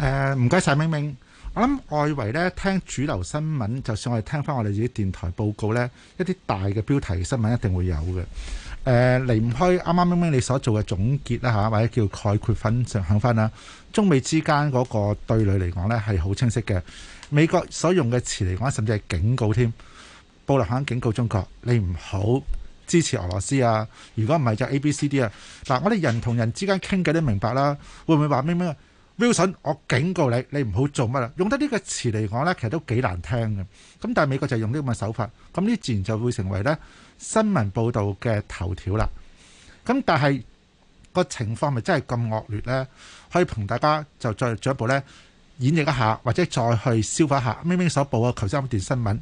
誒唔該晒，明明我諗外圍咧，聽主流新聞，就算我哋聽翻我哋自己電台報告呢，一啲大嘅標題新聞一定會有嘅。誒、呃、離唔開啱啱明明，你所做嘅總結啦、啊、或者叫概括分上翻啦。中美之間嗰個對壘嚟講呢，係好清晰嘅。美國所用嘅詞嚟講，甚至係警告添，布林肯警告中國：你唔好支持俄羅斯啊！如果唔係就 A、B、C、D 啊。嗱、啊，我哋人同人之間傾偈都明白啦，會唔會話明明？標準，Wilson, 我警告你，你唔好做乜啦！用得呢個詞嚟講呢，其實都幾難聽嘅。咁但係美國就用呢個手法，咁呢自然就會成為呢新聞報道嘅頭條啦。咁但係，個情況咪真係咁惡劣呢，可以同大家就再進一步呢演繹一下，或者再去消化一下。明明所報啊，頭先一段新聞，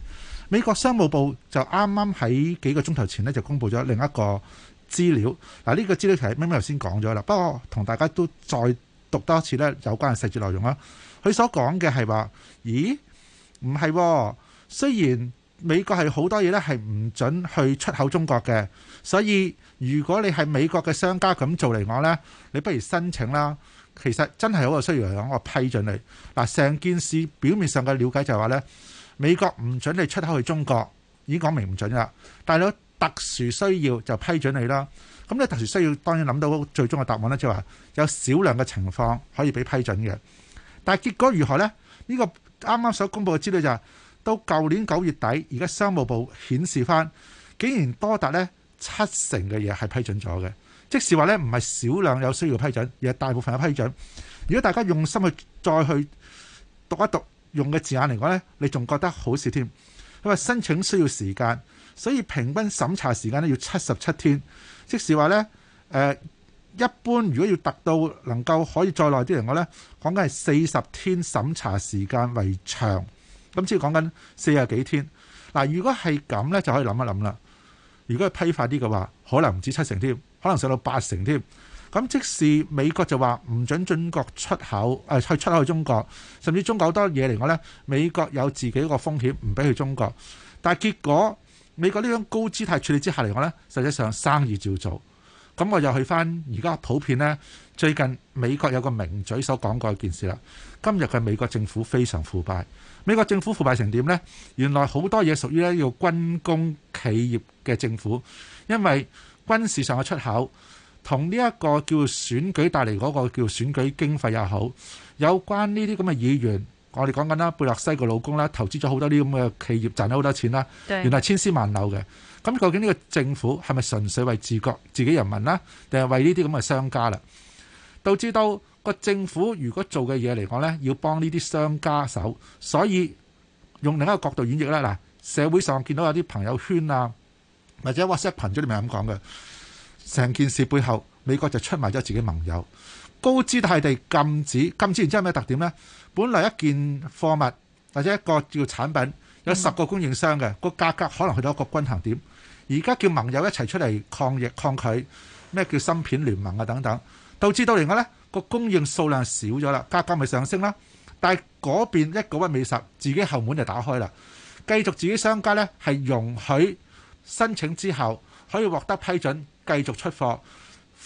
美國商務部就啱啱喺幾個鐘頭前呢就公布咗另一個資料。嗱，呢個資料係明明頭先講咗啦，不過同大家都再。讀多次咧，有關嘅細節內容啦。佢所講嘅係話：咦，唔係、哦。雖然美國係好多嘢咧，係唔准去出口中國嘅。所以如果你係美國嘅商家咁做嚟講呢，你不如申請啦。其實真係好個需要嚟講，我批准你嗱。成件事表面上嘅了解就係話呢：「美國唔准你出口去中國，已經講明唔准啦。」但係特殊需要就批准你啦。咁你特殊需要，當然諗到最終嘅答案咧，即係話有少量嘅情況可以俾批准嘅。但結果如何呢？呢個啱啱所公佈嘅資料就係到舊年九月底，而家商務部顯示翻，竟然多達呢七成嘅嘢係批准咗嘅。即係話呢唔係少量有需要批准，而係大部分有批准。如果大家用心去再去讀一讀用嘅字眼嚟講呢，你仲覺得好少添。因為申請需要時間。所以平均審查時間咧要七十七天，即使話呢，誒、呃、一般如果要達到能夠可以再耐啲嚟講咧，講緊係四十天審查時間為長咁，即係講緊四十幾天嗱。如果係咁呢，就可以諗一諗啦。如果係批發啲嘅話，可能唔止七成添，可能上到八成添。咁即使美國就話唔准進國出口，誒、呃、去出口去中國，甚至中國好多嘢嚟講呢，美國有自己個風險，唔俾去中國，但係結果。美國呢種高姿態處理之下嚟講呢，實際上生意照做。咁我又去翻而家普遍呢，最近美國有個名嘴所講過的一件事啦。今日嘅美國政府非常腐敗。美國政府腐敗成點呢？原來好多嘢屬於呢，要軍工企業嘅政府，因為軍事上嘅出口同呢一個叫選舉帶嚟嗰個叫選舉經費又好，有關呢啲咁嘅議員。我哋講緊啦，貝洛西個老公啦，投資咗好多啲咁嘅企業，賺咗好多錢啦，對原來千絲萬縷嘅咁。究竟呢個政府係咪純粹為自國自己人民啦，定係為呢啲咁嘅商家啦？導致到個政府如果做嘅嘢嚟講呢，要幫呢啲商家手，所以用另一個角度演繹啦。嗱，社會上見到有啲朋友圈啊，或者 WhatsApp 群組，你咪咁講嘅成件事背後，美國就出賣咗自己盟友，高姿態地禁止禁止，然之後咩特點呢？本嚟一件貨物或者一個叫產品有十個供應商嘅個、嗯、價格可能去到一個均衡點，而家叫盟友一齊出嚟抗疫抗併，咩叫芯片聯盟啊、等等，導致到嚟嘅呢個供應數量少咗啦，價格咪上升啦。但係嗰邊一個位美術自己後門就打開啦，繼續自己商家呢係容許申請之後可以獲得批准繼續出貨，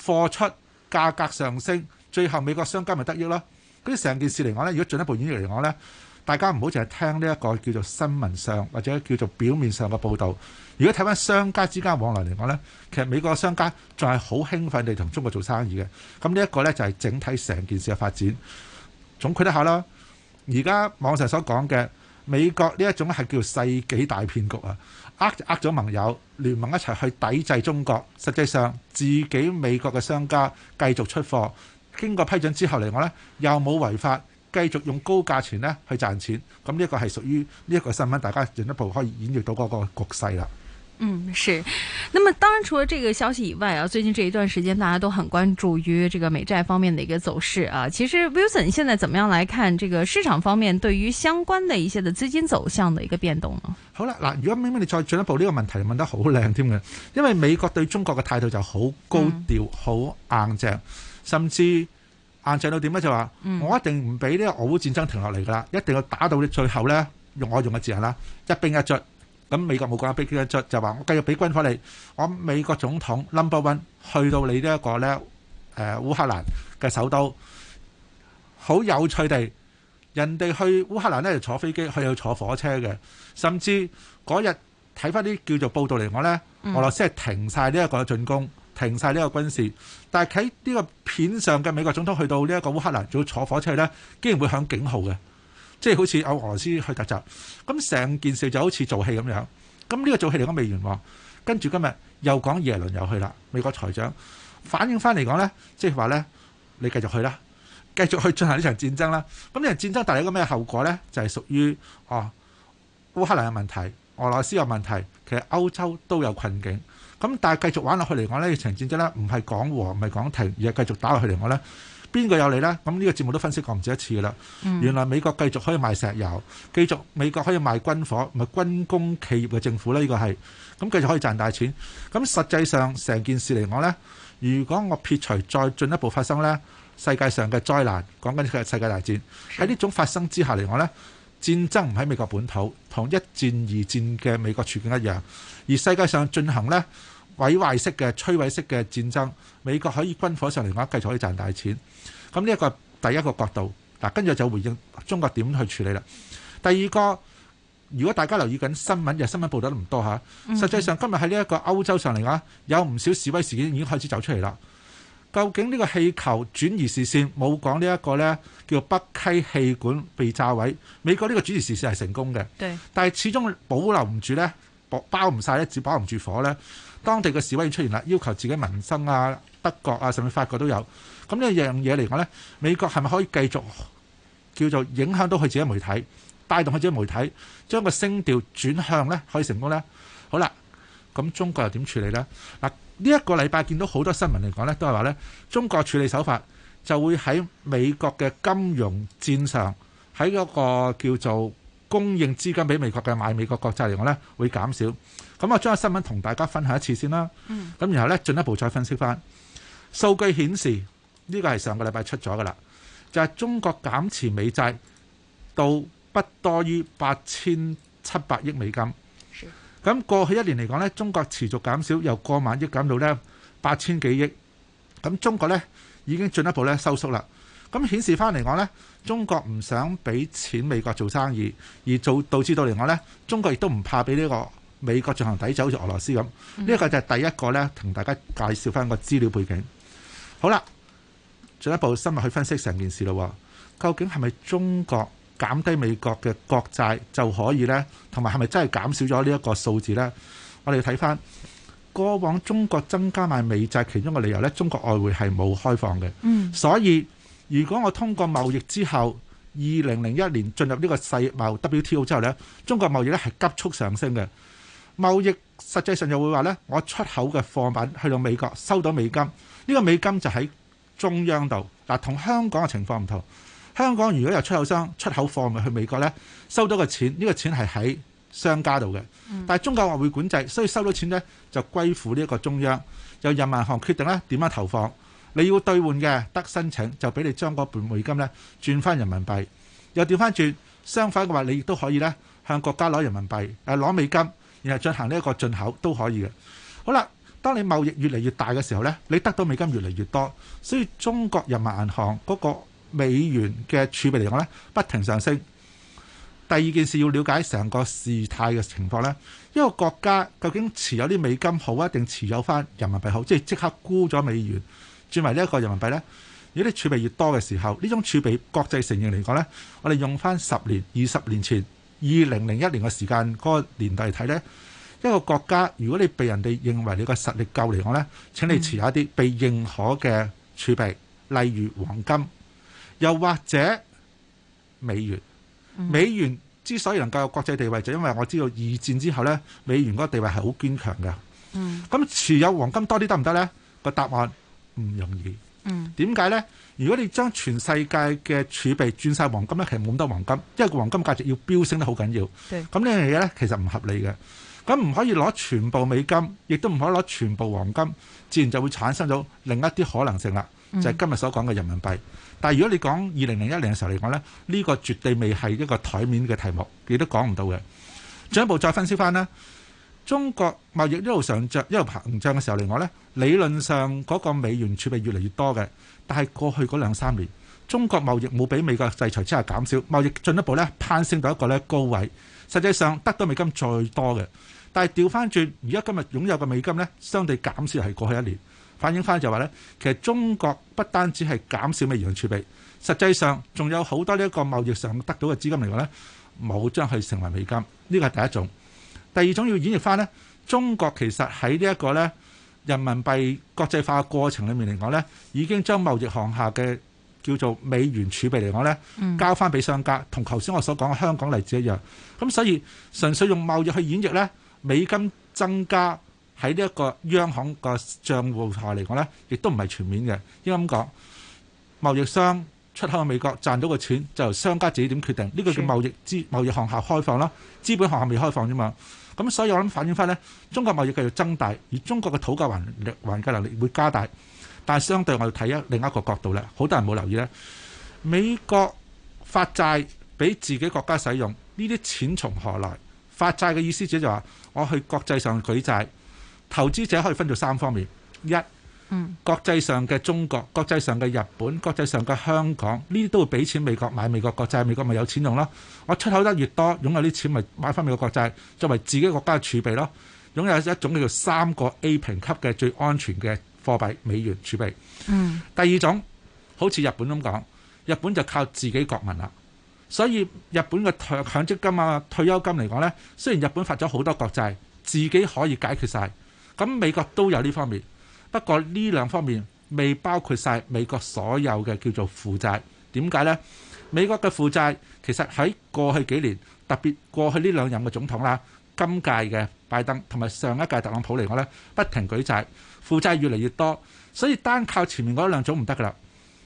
貨出，價格上升，最後美國商家咪得益咯。啲成件事嚟講咧，如果進一步演繹嚟講咧，大家唔好淨係聽呢一個叫做新聞上或者叫做表面上嘅報導。如果睇翻商家之間往來嚟講咧，其實美國商家仲係好興奮地同中國做生意嘅。咁呢一個咧就係整體成件事嘅發展總括得下啦。而家網上所講嘅美國呢一種係叫世紀大騙局啊，呃呃咗盟友聯盟一齊去抵制中國，實際上自己美國嘅商家繼續出貨。經過批准之後嚟我呢又冇違法，繼續用高價錢呢去賺錢，咁呢一個係屬於呢一個新聞，大家進一步可以演繹到嗰個局勢啦。嗯，是。那麼當然，除咗這個消息以外啊，最近這一段時間大家都很關注於這個美債方面嘅一個走勢啊。其實 Wilson 現在怎麼樣來看這個市場方面對於相關的一些嘅資金走向嘅一個變動呢？好啦、嗯，嗱，如果明明你再進一步呢個問題問得好靚添嘅，因為美國對中國嘅態度就好高調、好硬頸。甚至硬仗到點咧？就話我一定唔俾呢個俄烏戰爭停落嚟噶啦，一定要打到你最後咧。用我用嘅字眼啦，一兵一卒。咁美國冇講一兵一卒就話：我繼續俾軍火你。我美國總統林布倫去到你呢一個咧，誒烏克蘭嘅首都，好有趣地，人哋去烏克蘭咧，就坐飛機，去去坐火車嘅。甚至嗰日睇翻啲叫做報道嚟講咧，俄羅斯係停曬呢一個嘅進攻。停晒呢個軍事，但係喺呢個片上嘅美國總統去到呢一個烏克蘭，仲要坐火車去呢，竟然會響警號嘅，即係好似俄羅斯去突襲。咁成件事就好似做戲咁樣。咁呢個做戲嚟講未完喎，跟住今日又講耶倫又去啦，美國財長反映翻嚟講呢，即係話呢，你繼續去啦，繼續去進行呢場戰爭啦。咁呢場戰爭帶嚟一個咩後果呢？就係、是、屬於哦，烏克蘭嘅問題，俄羅斯有問題，其實歐洲都有困境。咁但係繼續玩落去嚟講咧，呢場戰爭咧唔係講和，唔係講停，而係繼續打落去嚟講咧，邊個有利咧？咁呢個節目都分析過唔止一次㗎啦。原來美國繼續可以賣石油，繼續美國可以賣軍火，咪軍工企業嘅政府咧？呢個係咁繼續可以賺大錢。咁實際上成件事嚟講咧，如果我撇除再進一步發生咧，世界上嘅災難講緊佢係世界大戰喺呢種發生之下嚟講咧。戰爭唔喺美國本土，同一戰二戰嘅美國處境一樣。而世界上進行呢毀壞式嘅摧毀式嘅戰爭，美國可以軍火上嚟講，繼續可以賺大錢。咁呢一個第一個角度嗱，啊、跟住就回應中國點去處理啦。第二個，如果大家留意緊新聞，嘅新聞報道都唔多下、啊，實際上今日喺呢一個歐洲上嚟啊，有唔少示威事件已經開始走出嚟啦。究竟呢個氣球轉移視線冇講呢一個呢，叫北溪氣管被炸毀。美國呢個轉移視線係成功嘅，對但係始終保留唔住呢，包唔晒，包包唔住呢紙包唔住火呢。當地嘅示威已出現啦，要求自己民生啊、德國啊、甚至法國都有。咁呢樣嘢嚟講呢，美國係咪可以繼續叫做影響到佢自己媒體，帶動佢自己媒體，將個聲調轉向呢？可以成功呢？好啦，咁中國又點處理呢？嗱。呢一個禮拜見到好多新聞嚟講呢，都係話呢中國處理手法就會喺美國嘅金融戰上，喺嗰個叫做供應資金俾美國嘅買美國國債嚟講呢，會減少。咁我將個新聞同大家分享一次先啦。嗯。咁然後呢進一步再分析返，數據顯示呢個係上個禮拜出咗㗎喇，就係中國減持美債到不多於八千七百億美金。咁過去一年嚟講呢，中國持續減少，由過萬億減到呢八千幾億。咁中國呢已經進一步呢收縮啦。咁顯示翻嚟講呢，中國唔想俾錢美國做生意，而做導致到嚟講呢，中國亦都唔怕俾呢個美國進行抵走好似俄羅斯咁。呢個就係第一個呢，同大家介紹翻個資料背景。好啦，進一步深入去分析成件事咯。究竟係咪中國？減低美國嘅國債就可以呢，同埋係咪真係減少咗呢一個數字呢？我哋要睇翻過往中國增加買美債其中嘅理由呢，中國外匯係冇開放嘅，嗯，所以如果我通過貿易之後，二零零一年進入呢個世貿 WTO 之後呢，中國貿易呢係急速上升嘅，貿易實際上又會話呢，我出口嘅貨品去到美國收到美金，呢個美金就喺中央度嗱，同香港嘅情況唔同。香港如果有出口商出口貨物去美國呢，收到嘅錢呢、呢個錢係喺商家度嘅，嗯、但係中國話會管制，所以收到錢呢就歸附呢一個中央，由人民銀行決定呢點樣投放。你要兌換嘅，得申請就俾你將嗰本美金呢轉翻人民幣，又調翻轉相反嘅話，你亦都可以呢向國家攞人民幣誒攞美金，然後進行呢一個進口都可以嘅。好啦，當你貿易越嚟越大嘅時候呢，你得到美金越嚟越多，所以中國人民銀行嗰、嗰個美元嘅儲備嚟講呢，不停上升。第二件事要了解成個事態嘅情況呢，一個國家究竟持有啲美金好啊，定持有翻人民幣好？即係即刻沽咗美元轉為呢一個人民幣呢，如果啲儲備越多嘅時候，呢種儲備國際承認嚟講呢，我哋用翻十年、二十年前二零零一年嘅時間嗰個年代嚟睇呢，一個國家如果你被人哋認為你個實力夠嚟講呢，請你持有一啲被認可嘅儲備，例如黃金。又或者美元，美元之所以能夠有國際地位，嗯、就因為我知道二戰之後咧，美元嗰個地位係好堅強嘅。嗯，咁持有黃金多啲得唔得咧？個答案唔容易。嗯，點解咧？如果你將全世界嘅儲備轉晒黃金咧，其實冇咁多黃金，因為個黃金價值要飆升得好緊要。咁對呢樣嘢咧，其實唔合理嘅。咁唔可以攞全部美金，亦都唔可以攞全部黃金，自然就會產生咗另一啲可能性啦。就係今日所講嘅人民幣，但係如果你講二零零一年嘅時候嚟講咧，呢個絕對未係一個台面嘅題目，亦都講唔到嘅。進一步再分析翻咧，中國貿易一路上漲、一路膨脹嘅時候嚟講咧，理論上嗰個美元儲備越嚟越多嘅，但係過去嗰兩三年，中國貿易冇俾美國制裁之下減少，貿易進一步咧攀升到一個咧高位，實際上得到美金最多嘅，但係調翻轉而家今日擁有嘅美金咧，相對減少係過去一年。反映翻就話、是、咧，其實中國不單止係減少美元嘅儲備，實際上仲有好多呢一個貿易上得到嘅資金嚟講咧，冇將佢成為美金，呢個係第一種。第二種要演繹翻咧，中國其實喺呢一個咧人民幣國際化嘅過程裏面嚟講咧，已經將貿易行下嘅叫做美元儲備嚟講咧，交翻俾商家。同頭先我所講嘅香港例子一樣。咁所以純粹用貿易去演繹咧，美金增加。喺呢一個央行個帳戶下嚟講呢，亦都唔係全面嘅。應該咁講，貿易商出口美國賺到嘅錢就由商家自己點決定。呢、呢個叫貿易資貿易項下開放啦，資本項下未開放啫嘛。咁所以我諗反映翻呢，中國貿易繼續增大，而中國嘅討價還力還價能力會加大。但係相對我要睇一另一個角度咧，好多人冇留意呢，美國發債俾自己國家使用呢啲錢從何來？發債嘅意思只係就話我去國際上舉債。投資者可以分做三方面，一國際上嘅中國、國際上嘅日本、國際上嘅香港，呢啲都會俾錢美國買美國國債，美國咪有錢用咯。我出口得越多，擁有啲錢咪買翻美國國債作為自己國家嘅儲備咯。擁有一種叫做三個 A 評級嘅最安全嘅貨幣美元儲備。嗯、第二種好似日本咁講，日本就靠自己國民啦，所以日本嘅強積金啊、退休金嚟講呢，雖然日本發咗好多國債，自己可以解決晒。咁美國都有呢方面，不過呢兩方面未包括晒美國所有嘅叫做負債。點解呢？美國嘅負債其實喺過去幾年，特別過去呢兩任嘅總統啦，今屆嘅拜登同埋上一屆特朗普嚟講呢，不停舉債，負債越嚟越多，所以單靠前面嗰兩種唔得噶啦，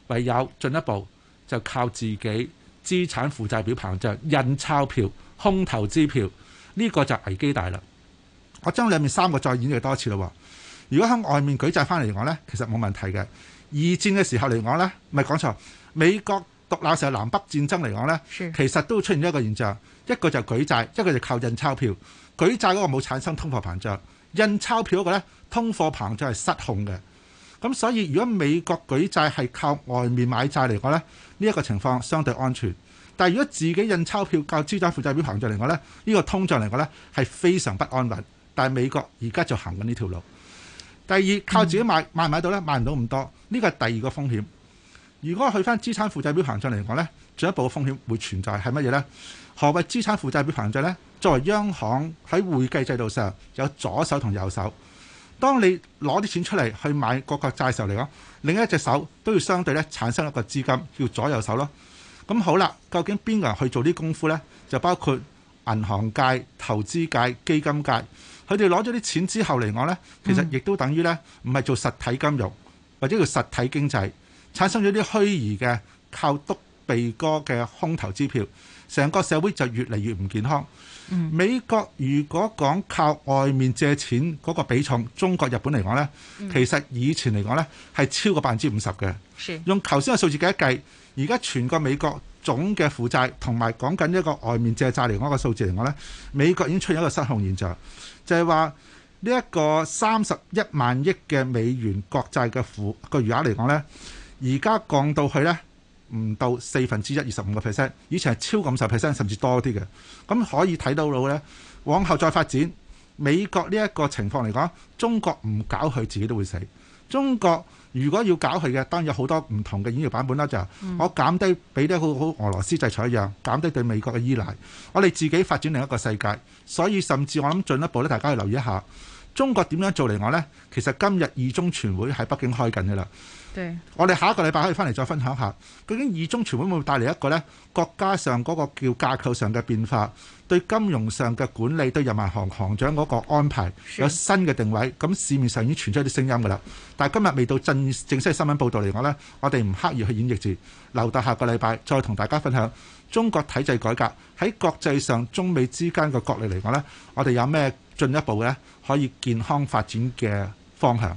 唯有進一步就靠自己資產負債表膨脹、印鈔票、空投資票，呢個就危機大啦。我將兩面三個再演繹多一次咯。如果喺外面舉債翻嚟嚟講呢，其實冇問題嘅。二戰嘅時候嚟講呢，唔係講錯美國獨立時候南北戰爭嚟講呢，其實都出現一個現象，一個就舉債，一個就靠印鈔票。舉債嗰個冇產生通貨膨脹，印鈔票嗰個呢，通貨膨脹係失控嘅。咁所以如果美國舉債係靠外面買債嚟講呢，呢一個情況相對安全。但係如果自己印鈔票靠資產負債表膨脹嚟講呢，呢個通脹嚟講呢，係非常不安穩。但係美國而家就行緊呢條路。第二靠自己買，買唔買到呢？買唔到咁多，呢個係第二個風險。如果去翻資產負債表膨脹嚟講呢，進一步風險會存在係乜嘢呢？何謂資產負債表膨脹呢？作為央行喺會計制度上有左手同右手。當你攞啲錢出嚟去買各國債嘅時候嚟講，另一隻手都要相對咧產生一個資金叫左右手咯。咁好啦，究竟邊個人去做啲功夫呢？就包括銀行界、投資界、基金界。佢哋攞咗啲錢之後嚟講呢，其實亦都等於呢唔係做實體金融、嗯、或者叫實體經濟，產生咗啲虛擬嘅靠篤鼻哥嘅空頭支票，成個社會就越嚟越唔健康。嗯、美國如果講靠外面借錢嗰個比重，中國、日本嚟講呢，其實以前嚟講呢係超過百分之五十嘅。的是用頭先嘅數字計一計，而家全個美國，總嘅負債同埋講緊一個外面借債，嚟講，一個數字嚟講呢，美國已經出現一個失控現象，就係話呢一個三十一萬億嘅美元國債嘅負個餘額嚟講呢，而家降到去呢，唔到四分之一二十五個 percent，以前係超過五十 percent 甚至多啲嘅，咁可以睇到到呢，往後再發展美國呢一個情況嚟講，中國唔搞佢自己都會死。中國如果要搞佢嘅當然有好多唔同嘅演繹版本啦，就係、我減低俾啲好好俄羅斯制裁一樣，減低對美國嘅依賴，我哋自己發展另一個世界。所以甚至我諗進一步咧，大家要留意一下中國點樣做嚟我呢，其實今日二中全會喺北京開緊嘅啦。對我哋下一個禮拜可以翻嚟再分享一下，究竟二中全會會帶嚟一個呢國家上嗰個叫架構上嘅變化，對金融上嘅管理，對人民行行長嗰個安排有新嘅定位。咁市面上已經傳出一啲聲音㗎啦，但係今日未到正正式嘅新聞報導嚟講呢，我哋唔刻意去演繹字，留待下個禮拜再同大家分享中國體制改革喺國際上中美之間嘅角力嚟講呢，我哋有咩進一步嘅可以健康發展嘅方向？